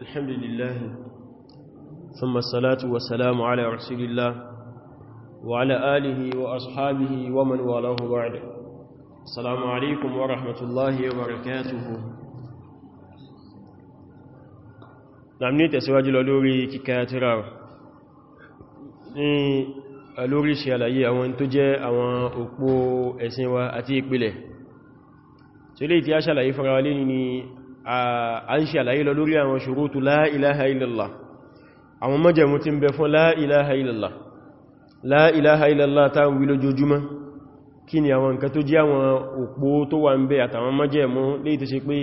الحمد لله ثم الصلاة والسلام على رسول الله وعلى آله وأصحابه ومن وله بعد السلام عليكم ورحمة الله وبركاته نعم نتسواج لولوري ككاترة alórí ṣe àlàyé àwọn tó jẹ́ àwọn òpó ẹ̀sìn wa àti ìpìlẹ̀ tí ó a ń ṣe àlàyé lọ lórí àwọn ṣurutu la ilaha illallah àwọn májẹ̀mú tí ń bẹ fún la ilaha illallah la ilaha illallah ta ń wí lójoojúmọ́ kí ni àwọn nǹkan tó jẹ́ àwọn òpó tó wà ń bẹ àtàwọn májẹ̀mú lè tó ṣe pé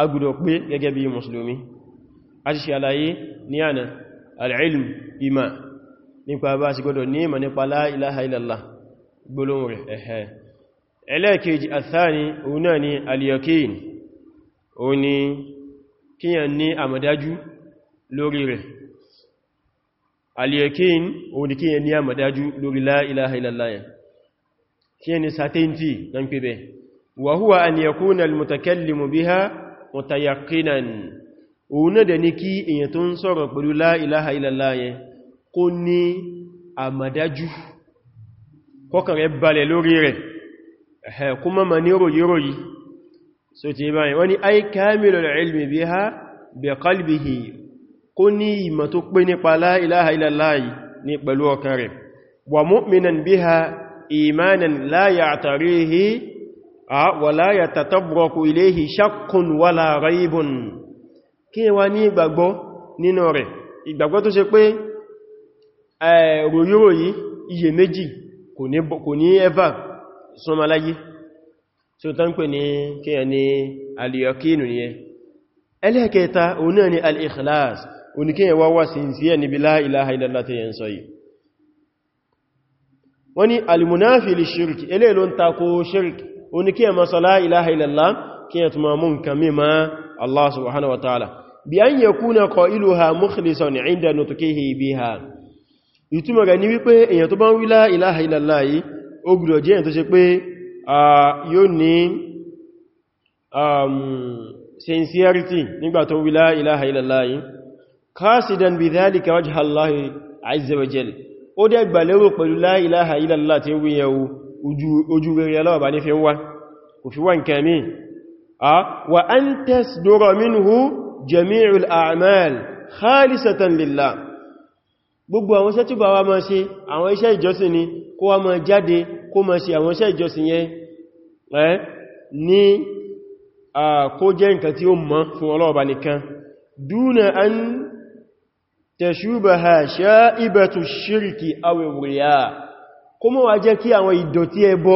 agudọ̀ pé gẹ́gẹ́ bí mùsùlùmí a rẹ̀ ẹ̀hẹ́ ẹlẹ́ẹ̀kejì àtàní òun náà ni al ó ní kíyàn ní àmàdájú lórí rẹ̀ aliyakin ó ní kíyàn ní àmàdájú lórí la ilaha illallah kíyàn ní certainty dan pé bẹ́ wa huwa an yakuna almutakallimu biha mutayaqinan òun náà ní kí èyàn tó ń sọ̀rọ̀ pẹ̀lú la ilaha kó ní àmàdájú kọkàn balẹ̀ lórí rẹ̀ ẹ̀hẹ̀ ma ní ròyí ròyí so ti báyìí wọ́n ni ay kamilul ilmi biha bi qalbihi kó ní ìmọ̀ tó pé nípa la ilaha illallah ní pẹ̀lú ọkàn rẹ̀ wa mu'minan biha imanan la ya'tarihi wa la yatatabraku ilayhi shakkun wala raybun kí wá ní ìgbàgbọ́ nínú rẹ̀ ìgbàgbọ́ tó ṣe pé eh, ròyíròyí iyèméjì kò ní ẹ̀fà súnmọ́ láyé so tán pè ní kí ẹ ní aliyakinu ni ẹ ẹlẹ́kẹta òun náà ni al-ikhlas òun kí ẹ wá wá sincere níbi la ilaha illallah tẹ́yẹn sọ yìí wọ́n ni al-munafi li shirki ilé ló ń takò shirki òun kí ẹ ma sọ la ilaha illallah kí ẹ tuma mún kàmí ma Allah subhanahu wa ta'ala bí an yakuna qailuha tó ṣe pé yóò ní um, sincerity nígbà tó wí la ilaha illallah qasidan bi dhalika wajha Allah azza wa jalla ó dẹ̀ gbàlérò pẹ̀lú la ilaha illallah tí wí yẹ̀wò ojú rere aláwọ̀ bá ní fi ń wá kò fi wá nǹkan mí wa an tasdura minhu jami'ul a'mal kó máa ṣe àwọn iṣẹ́ ìjọsìn yẹn ní kó jẹ́ nǹkan tí ó mọ́ fún ọlọ́ọ̀bá nìkan dúnà an tẹ̀ṣúbàhà ṣáìbẹ̀tù ṣírìkì awẹ̀wòrìyà kó mọ́ wá jẹ́ kí àwọn ìdọ̀tí ẹbọ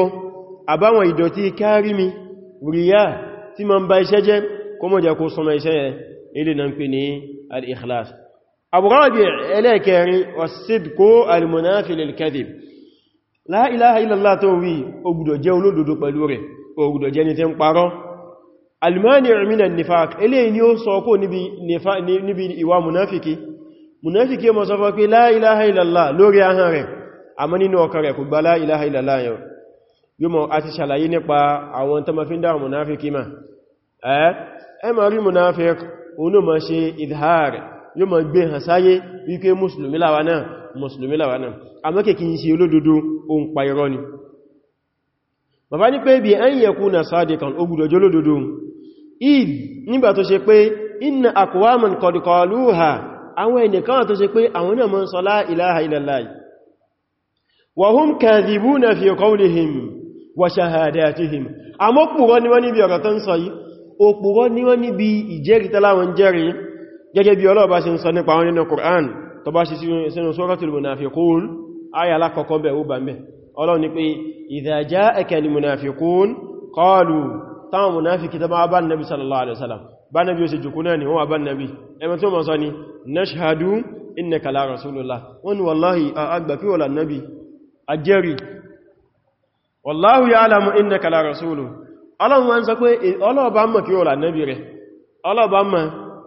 àbáwọn ìdọ̀tí kárìmí wòrìyà tí ma ń ba iṣẹ́ la ilaha illallah tó wí ó gbọ́dọ̀ jẹ́ olódodo pẹ̀lú rẹ̀ ó gbọ́dọ̀ jẹ́ ni tí ń parọ́ almani min an-nifaq eléyìí ni ó sọ kó níbi nifa níbi ìwà munafiki munafiki mọ́ sọ fọ́ pé la ilaha illallah lórí ahọ́n rẹ̀ àmọ́ nínú ọkàn rẹ̀ kò gba la ilaha illallah yóò máa gbé hàn sáyé wípé mùsùlùmí làwa náà mùsùlùmí làwa náà àmọ́kẹ̀ kí n ṣe olódodo ohun pa irọ́ ni bàbá ní pé bí an yakuna sadiqan ó gbọ́dọ̀ jẹ́ olódodo ìd nígbà tó ṣe pé inna aqwaman qad àwọn ẹnìkan tó ṣe pé àwọn náà ń sọ la ilaha gẹ́gẹ́ bí Ọlọ́run bá ṣe ń sọ nípa wọn nínú Qur'an tó bá ṣe sínú Suratul Munafiqun ayà alákọ̀ọ́kọ́ bẹ̀ ó bá mẹ́ Ọlọ́run ní pé idha ja'aka al-munafiqun qalu táwọn munafiki tó bá bá nabi sallallahu alaihi wasallam bá nabi ó sì jùkú náà ni wọ́n bá nabi ẹmọ tó mọ̀ sọ ni nashhadu innaka la rasulullah wọn wallahi a wallahu ya'lamu innaka la rasulu Ọlọ́run wọn sọ pé Ọlọ́run bá mọ̀ kí nabi rẹ̀ Ọlọ́run bá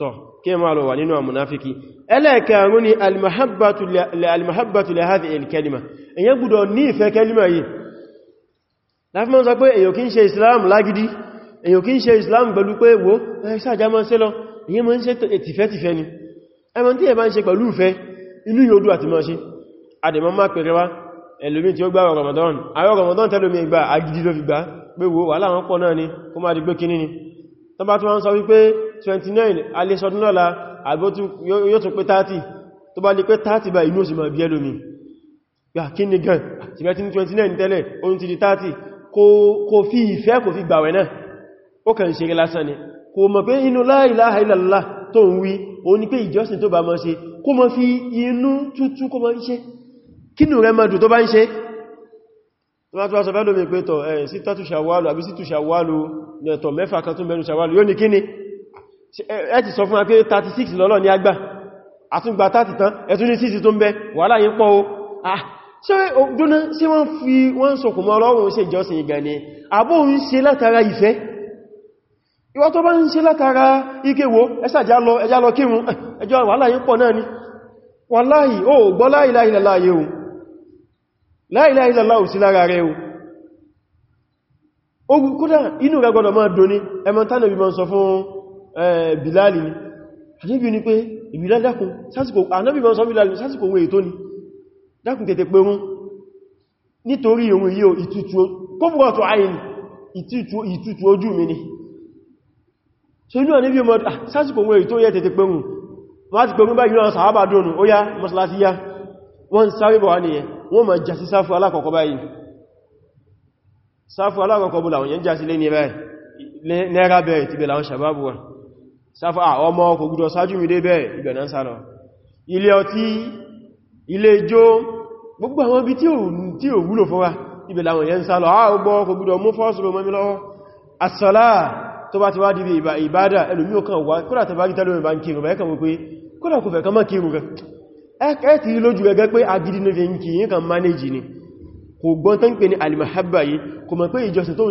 tọ́ kí ma lọ wà nínú àmúnáfíkì ẹlẹ́ẹ̀kẹ̀rún ni almahabbatu lè hafi ilkelima èyàn gbọ́dọ̀ ní ìfẹ́ kelima yìí láfí mọ́ sọ pé èyàn kí ń ṣe islam lágidi èyàn kí ń ṣe islam pẹ̀lú pé wo sáàjá mọ́ sí lọ èyàn mọ́ ń ṣe tìfẹ́tìfẹ́ ni ẹmọ tí ẹ̀bá ń ṣe pẹ̀lú ìfẹ́ inú yóò dùn àti mọ́ ṣe àdẹ̀mọ́ má tí wọ́n sọ wípé 29 alẹ́sọdún lọ́la àgbótún yóò tún pé 30 tó bá lè pé 30 bá inú òsìmọ̀ bí ẹlòmí yà kí ni gan ṣìgbẹ́ tí ní 29 tẹ́lẹ̀ oun ti di 30 kò fi ìfẹ́ kò fi gbàwẹ̀ náà ó kàn ṣe lásán ni kò mọ̀ pé inú la ilaha illallah tó ń wí o ní pé ìjọsìn tó bá mọ́ ṣe kó mọ́ fi inú tútú kó mọ́ ń ṣe kí nù rẹ mọ́dù tó bá sọ fẹ́ lómi pé tọ̀ ẹ̀ sí tàtù ṣàwálù àbí sí tù ṣàwálù ẹ̀tọ̀ mẹ́fà kan tún mẹ́nu ṣàwálù yóò ní kíni ẹ ti sọ fún wa pé 36 lọ́lọ́ ní agbá àtúgbà 30 tán ẹ̀tún ní 6 tó ń bẹ wàhálà yí pọ̀ o ah ṣe òdúnà sí wọ́n fi wọ́n sọkùn mọ́ ọlọ́run ṣe ìjọsìn ìgbà ni àbó ń ṣe látara ìfẹ́ ìwọ tó bá ń ṣe látara ikéwo ẹsàjá lọ ẹjá lọ kírun ẹjọ́ wàhálà yí pọ̀ náà ni wàláhì ó gbọ́ la ilaha illallah la ilaha illallah sí lára rẹ̀ o kódà inú rẹ̀ gbọ́dọ̀ máa doni ẹmọ tánàbí mọ́ sọ fún Eh, bilali ni àníbí ni pé ìbìlá dákun sásìkò ànábì mọ́ sọ bílali sásìkò ohun ètò ni dákun tètè pé rún nítorí ohun yíò ìtútù kóbùkọ̀tọ̀ ayìn ìtútù ojú mi ni ṣe inú àníbí mọ́ ah, sásìkò ohun ètò yẹ tètè pé rún wọ́n ti pé rún báyìí náà sàábà dónù ó yá mọ́sálásí yá wọ́n sáré bọ̀ wọ́n nìyẹn wọ́n ma jà sí sáfù alákọ̀ọ́kọ́ báyìí sáfù alákọ̀ọ́kọ́ bú làwọn yẹn jà sí lé ní ẹ̀rẹ́ náírà bẹ̀rẹ̀ ti bẹ̀ làwọn sàbábù wọn sáfà ah, ọmọ kò gúdọ̀ sáájú mi dé bẹ́ẹ̀ ìgbẹ̀nà sálọ ilé ọtí ilé ijó gbogbo àwọn ibi tí ò wúlò fún wa ibẹ̀ làwọn yẹn sálọ àgbọ́ ah, kò gúdọ̀ mú fọ́sùlù mọ́mí lọ́wọ́ asọ́lá tó bá ti wá dìbì ìbádà ẹlòmí ò kàn wá kódà agidi ní fi ń kì yí kan mánéjì ni kò gbọ́n tán pè ní alìmọ̀hábà yìí kò mọ̀ pé ìjọsìn tó ń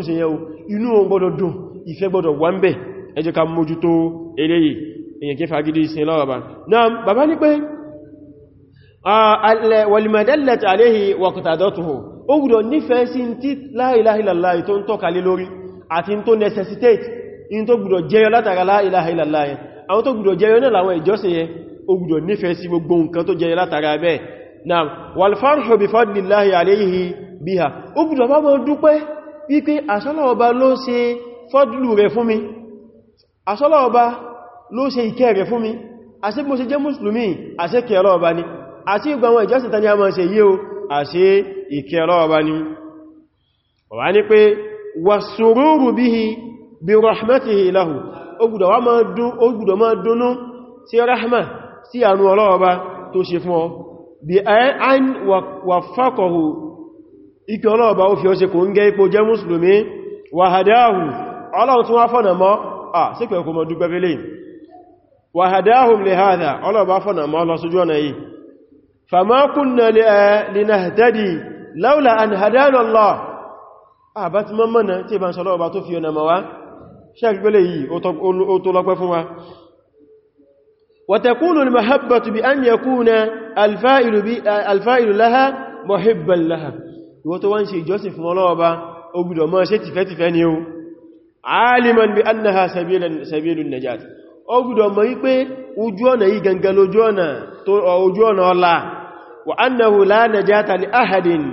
ìfẹ́ gbọ́dọ̀ wà ń bẹ̀ ẹ ká mójútó eléyìí èyàn kí fagidi sin lọ́wọ́ba náà bàbá ní pé wàlìmọ̀dẹ́lẹ̀tì aléhì wàkùtàdọ́tùhù ó gbùdọ̀ nífẹ̀ẹ́ sí tí la ilaha illallah tó ń tọ́ka lé lórí àti tó necessitate in tó gbùdọ̀ jẹyọ látara la ilaha illallah àwọn tó gbùdọ̀ fọ́dùlù rẹ̀ fún mi asọ́lọ́ọba ló ṣe ìkẹ́ rẹ̀ fún mi àṣé mo ṣe jẹ́ mùsùlùmí àṣé kẹ́ ọlọ́ọ̀bá ni àṣé ìgbà wọn ìjọsìn tani a máa ṣe yíò àṣé ìkẹ́ ọlọ́ọ̀bá ni wà ní pé wàsùrúrù bihi bí rahmatihi lahu ó gbùdọ̀ máa dúnú sí rahma sí àánú ọlọ́ọ̀bá tó ṣe fún ọ bí an wàfákọ̀hù ìkẹ́ ọlọ́ọ̀bá ó fi ọ ṣe kò ń gẹ́ ipò jẹ́ mùsùlùmí wàhádáhù ọlọ́run tún wá fọ́nà mọ́ à síkẹ̀ ọkọ̀ mọ̀ وهداهم لهذا الله بافنا ما الله سجونا ايه فما كنا لنهتدي لولا ان هدانا الله ابات ممنا تي بان الله با تو فينا ما شاك بلي او تو لو فوا وتكون المحبه بان يكون الفاعل الفاعل لها محبا لها وتو وان شي جوسف الله با او غدو ما شي تفه تفه ني عالما بانها سبيل سبيل النجاه ó gbọ́dọ̀ mọ̀ wípé ojú ọ̀nà yìí gangan lójú ọ̀nà tó ojú ọ̀nà ọlá wa annahu la najata li ahadin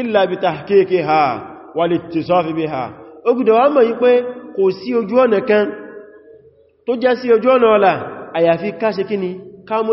illa bi tahqiqiha wa littisaf biha ó gbọ́dọ̀ wá mọ̀ wípé kò sí ojú ọ̀nà kan tó jẹ́ sí ojú ọ̀nà ọlá àyàfi ká ṣe kíni ká mú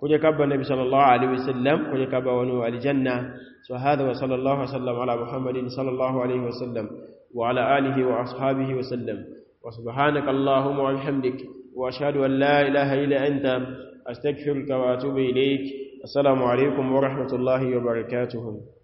كوجا كبا النبي صلى الله عليه وسلم كوجا كبا ونو الجنة وهذا وصلى الله وسلم على محمد صلى الله عليه وسلم وعلى آله وأصحابه وسلم وسبحانك اللهم وبحمدك وأشهد أن لا إله إلا أنت أستغفرك وأتوب إليك السلام عليكم ورحمة الله وبركاته